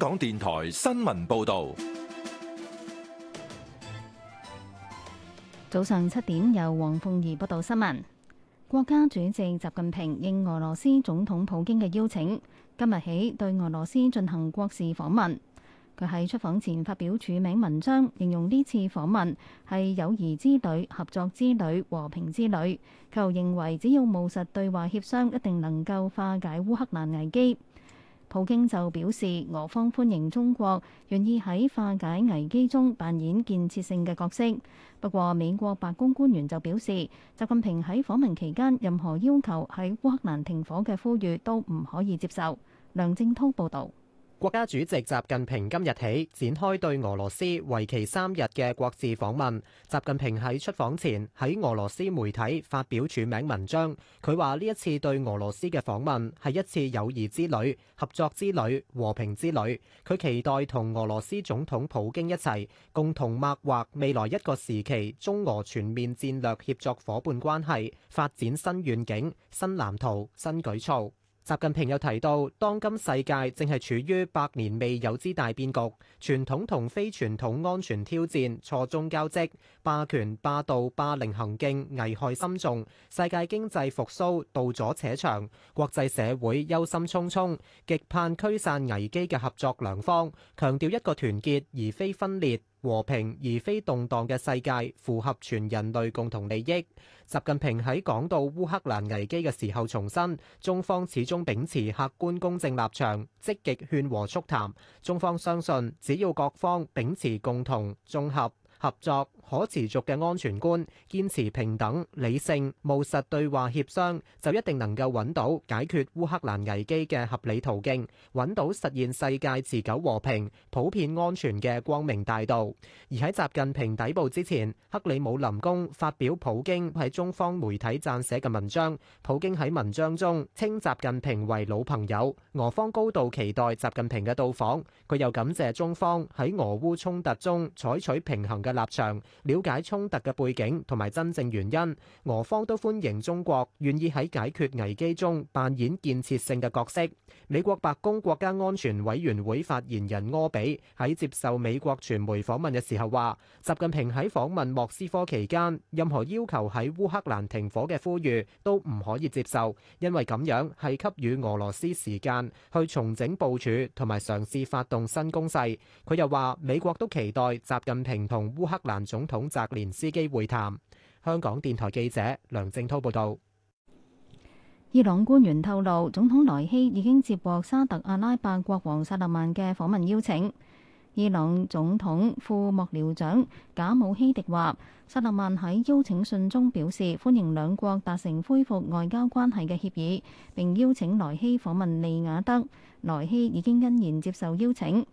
港電台新聞報道：早上七點，由黃鳳儀報道新聞。國家主席習近平應俄羅斯總統普京嘅邀請，今日起對俄羅斯進行國事訪問。佢喺出訪前發表署名文章，形容呢次訪問係友誼之旅、合作之旅、和平之旅。佢又認為，只要務實對話協商，一定能夠化解烏克蘭危機。普京就表示，俄方歡迎中國願意喺化解危機中扮演建設性嘅角色。不過美國白宮官員就表示，習近平喺訪問期間任何要求喺烏克蘭停火嘅呼籲都唔可以接受。梁正濤報道。國家主席習近平今日起展開對俄羅斯為期三日嘅國事訪問。習近平喺出訪前喺俄羅斯媒體發表署名文章，佢話呢一次對俄羅斯嘅訪問係一次友誼之旅、合作之旅、和平之旅。佢期待同俄羅斯總統普京一齊共同擘劃未來一個時期中俄全面戰略協作伙伴關係，發展新願景、新藍圖、新舉措。習近平又提到，當今世界正係處於百年未有之大變局，傳統同非傳統安全挑戰錯綜交織，霸權、霸道、霸凌行徑危害深重，世界經濟復甦道阻且長，國際社會憂心忡忡，極盼驅散危機嘅合作良方，強調一個團結而非分裂。和平而非動盪嘅世界符合全人類共同利益。習近平喺講到烏克蘭危機嘅時候重申，中方始終秉持客觀公正立場，積極勸和促談。中方相信，只要各方秉持共同、綜合。合作可持續嘅安全觀，堅持平等、理性、務實對話協商，就一定能夠揾到解決烏克蘭危機嘅合理途徑，揾到實現世界持久和平、普遍安全嘅光明大道。而喺習近平抵步之前，克里姆林宮發表普京喺中方媒體撰寫嘅文章，普京喺文章中稱習近平為老朋友，俄方高度期待習近平嘅到訪。佢又感謝中方喺俄烏衝突中採取平衡嘅立場，了解衝突嘅背景同埋真正原因。俄方都歡迎中國願意喺解決危機中扮演建設性嘅角色。美國白宮國家安全委員會發言人柯比喺接受美國傳媒訪問嘅時候話，習近平喺訪問莫斯科期間，任何要求喺烏克蘭停火嘅呼籲都唔可以接受，因為咁樣係給予俄羅斯時間去重整部署同埋嘗試發動新攻勢，佢又話美國都期待習近平同。烏克蘭總統澤連斯基會談。香港電台記者梁正濤報道。伊朗官員透露，總統萊希已經接獲沙特阿拉伯國王薩勒曼嘅訪問邀請。伊朗總統副幕僚長賈姆希迪話，薩勒曼喺邀請信中表示歡迎兩國達成恢復外交關係嘅協議，並邀請萊希訪問利雅得。萊希已經欣然接受邀請。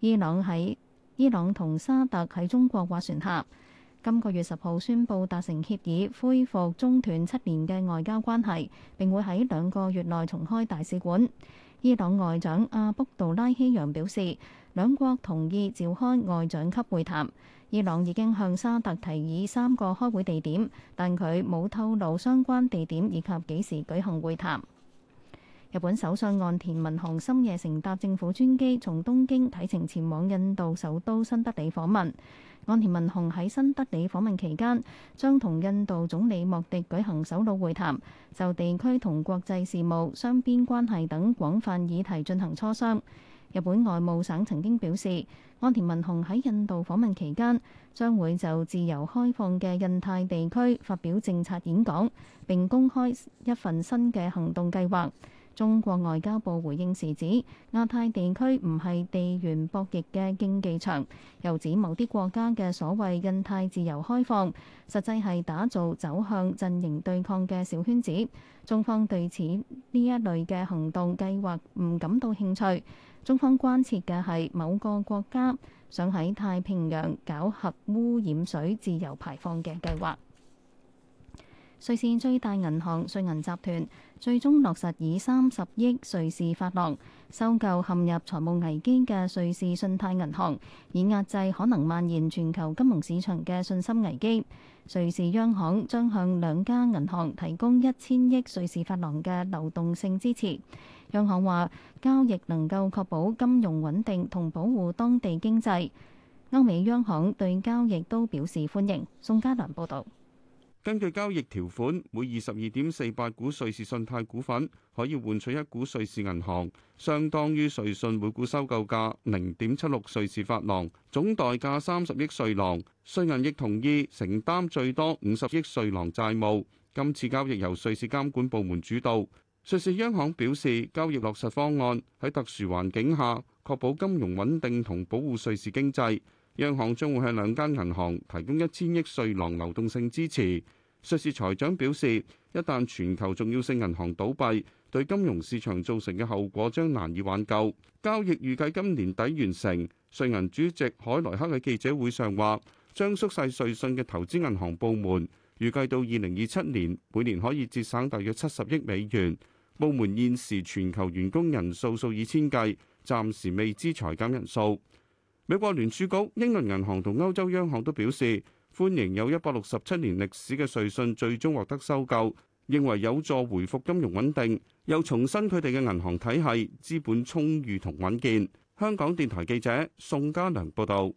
伊朗喺伊朗同沙特喺中國斡旋下，今個月十號宣布達成協議，恢復中斷七年嘅外交關係，並會喺兩個月內重開大使館。伊朗外長阿卜杜拉希揚表示，兩國同意召開外長級會談。伊朗已經向沙特提議三個開會地點，但佢冇透露相關地點以及幾時舉行會談。日本首相岸田文雄深夜乘搭政府專機從東京啟程前往印度首都新德里訪問。岸田文雄喺新德里訪問期間將同印度總理莫迪舉行首腦會談，就地區同國際事務、雙邊關係等廣泛議題進行磋商。日本外務省曾經表示，岸田文雄喺印度訪問期間將會就自由開放嘅印太地區發表政策演講，並公開一份新嘅行動計劃。中國外交部回應時指，亞太地區唔係地緣博弈嘅競技場，又指某啲國家嘅所謂印太自由開放，實際係打造走向陣營對抗嘅小圈子。中方對此呢一類嘅行動計劃唔感到興趣。中方關切嘅係某個國家想喺太平洋搞核污染水自由排放嘅計劃。瑞士最大銀行瑞銀集團最終落實以三十億瑞士法郎收購陷入財務危機嘅瑞士信貸銀行，以壓制可能蔓延全球金融市場嘅信心危機。瑞士央行將向兩家銀行提供一千億瑞士法郎嘅流動性支持。央行話，交易能夠確保金融穩定同保護當地經濟。歐美央行對交易都表示歡迎。宋嘉良報導。根據交易條款，每二十二點四八股瑞士信貸股份可以換取一股瑞士銀行，相當於瑞信每股收購價零點七六瑞士法郎，總代價三十億瑞郎。瑞銀亦同意承擔最多五十億瑞郎債務。今次交易由瑞士監管部門主導。瑞士央行表示，交易落實方案喺特殊環境下，確保金融穩定同保護瑞士經濟。央行將會向兩間銀行提供一千億瑞郎流動性支持。瑞士財長表示，一旦全球重要性銀行倒閉，對金融市場造成嘅後果將難以挽救。交易預計今年底完成。瑞銀主席海萊克喺記者會上話，將縮細瑞信嘅投資銀行部門，預計到二零二七年每年可以節省大約七十億美元。部門現時全球員工人數數以千計，暫時未知裁減人數。美國聯儲局、英倫銀行同歐洲央行都表示歡迎有一百六十七年歷史嘅瑞信最終獲得收購，認為有助回復金融穩定，又重申佢哋嘅銀行體系資本充裕同穩健。香港電台記者宋家良報道。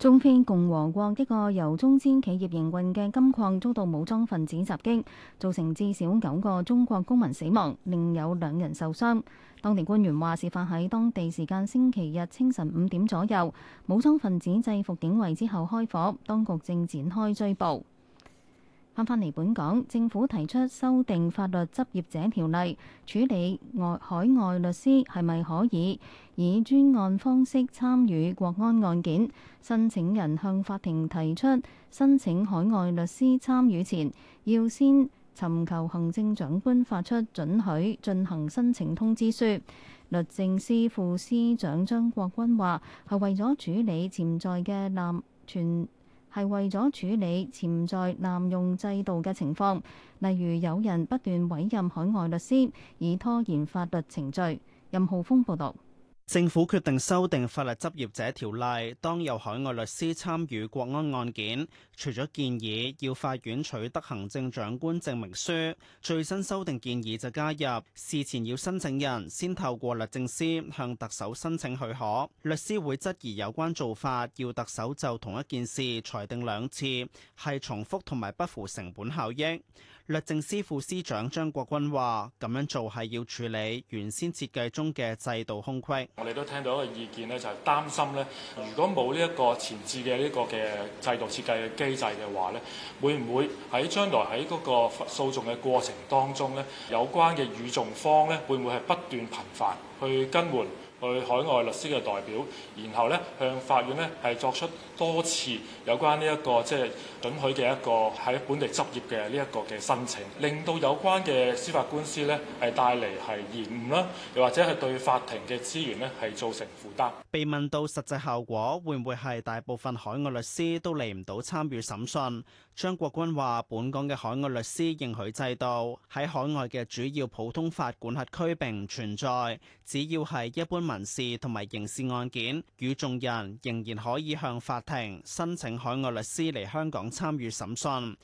中非共和國一個由中資企業營運嘅金礦遭到武裝分子襲擊，造成至少九個中國公民死亡，另有兩人受傷。當地官員話，事發喺當地時間星期日清晨五點左右，武裝分子制服警衛之後開火，當局正展開追捕。翻返嚟本港，政府提出修訂法律執業者條例，處理外海外律師係咪可以以專案方式參與國安案件，申請人向法庭提出申請海外律師參與前，要先尋求行政長官發出准許進行申請通知書。律政司副司長張，張國軍話係為咗處理潛在嘅南存。係為咗處理潛在濫用制度嘅情況，例如有人不斷委任海外律師，以拖延法律程序。任浩峰報導。政府決定修訂法律執業者條例，當有海外律師參與國安案件，除咗建議要法院取得行政長官證明書，最新修訂建議就加入事前要申請人先透過律政司向特首申請許可。律師會質疑有關做法要特首就同一件事裁定兩次，係重複同埋不符成本效益。律政司副司長張國鈞話：咁樣做係要處理原先設計中嘅制度空隙。我哋都聽到一個意見咧，就係擔心咧，如果冇呢一個前置嘅呢個嘅制度設計嘅機制嘅話咧，會唔會喺將來喺嗰個訴訟嘅過程當中咧，有關嘅與訟方咧，會唔會係不斷頻繁去更換去海外律師嘅代表，然後咧向法院咧係作出多次有關呢一個即係准許嘅一個喺本地執業嘅呢一個嘅申請，令到有關嘅司法官司咧係帶嚟係延誤啦，又或者係對法庭嘅資源咧係造成負擔。被問到實際效果會唔會係大部分海外律師都嚟唔到參與審訊，張國鈞話本港嘅海外律師認許制度喺海外嘅主要普通法管轄區並唔存在，只要係一般，民事同埋刑事案件，與眾人仍然可以向法庭申請海外律師嚟香港參與審訊。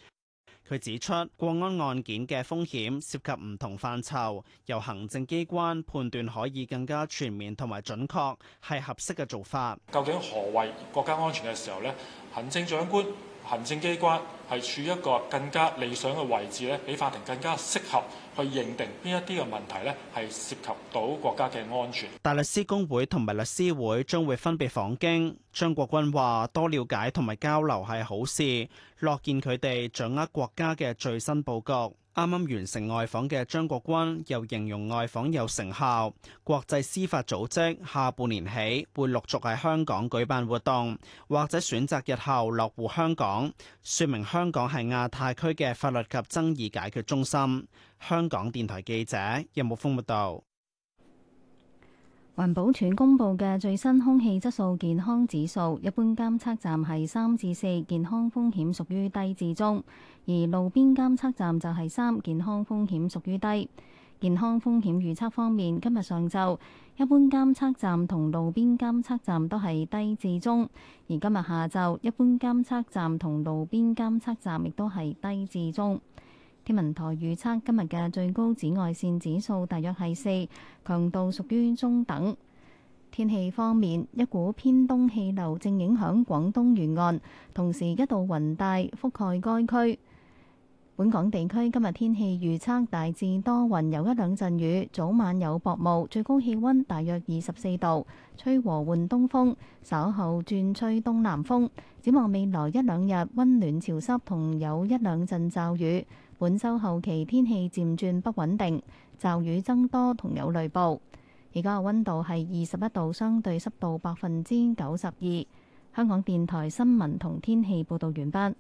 佢指出，國安案件嘅風險涉及唔同範疇，由行政機關判斷可以更加全面同埋準確，係合適嘅做法。究竟何為國家安全嘅時候呢？行政長官、行政機關係處於一個更加理想嘅位置咧，比法庭更加適合。去認定邊一啲嘅問題呢，係涉及到國家嘅安全。大律師公會同埋律師會將會分別訪京。張國軍話：多了解同埋交流係好事，樂見佢哋掌握國家嘅最新佈局。啱啱完成外訪嘅張國軍又形容外訪有成效，國際司法組織下半年起會陸續喺香港舉辦活動，或者選擇日後落戶香港，説明香港係亞太區嘅法律及爭議解決中心。香港電台記者任木風報道。環保署公布嘅最新空氣質素健康指數，一般監測站係三至四，健康風險屬於低至中；而路邊監測站就係三，健康風險屬於低。健康風險預測方面，今日上晝，一般監測站同路邊監測站都係低至中；而今日下晝，一般監測站同路邊監測站亦都係低至中。天文台預測今日嘅最高紫外線指數大約係四，強度屬於中等。天氣方面，一股偏東氣流正影響廣東沿岸，同時一道雲帶覆蓋該區。本港地區今日天氣預測大致多雲，有一兩陣雨，早晚有薄霧，最高氣温大約二十四度，吹和緩東風，稍後轉吹東南風。展望未來一兩日，温暖潮濕，同有一兩陣驟雨。本周後期天氣漸轉不穩定，驟雨增多同有雷暴。而家嘅溫度係二十一度，相對濕度百分之九十二。香港電台新聞同天氣報道完畢。